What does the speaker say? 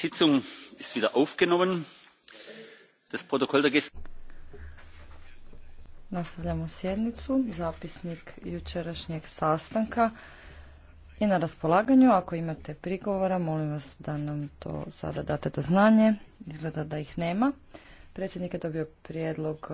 sitzung ist wieder aufgenommen. das protokoll der nastavljamo sjednicu zapisnik jučerašnjeg sastanka je na raspolaganju ako imate prigovora molim vas da nam to sada date do znanje izgleda da ih nema predsjednik je dobio prijedlog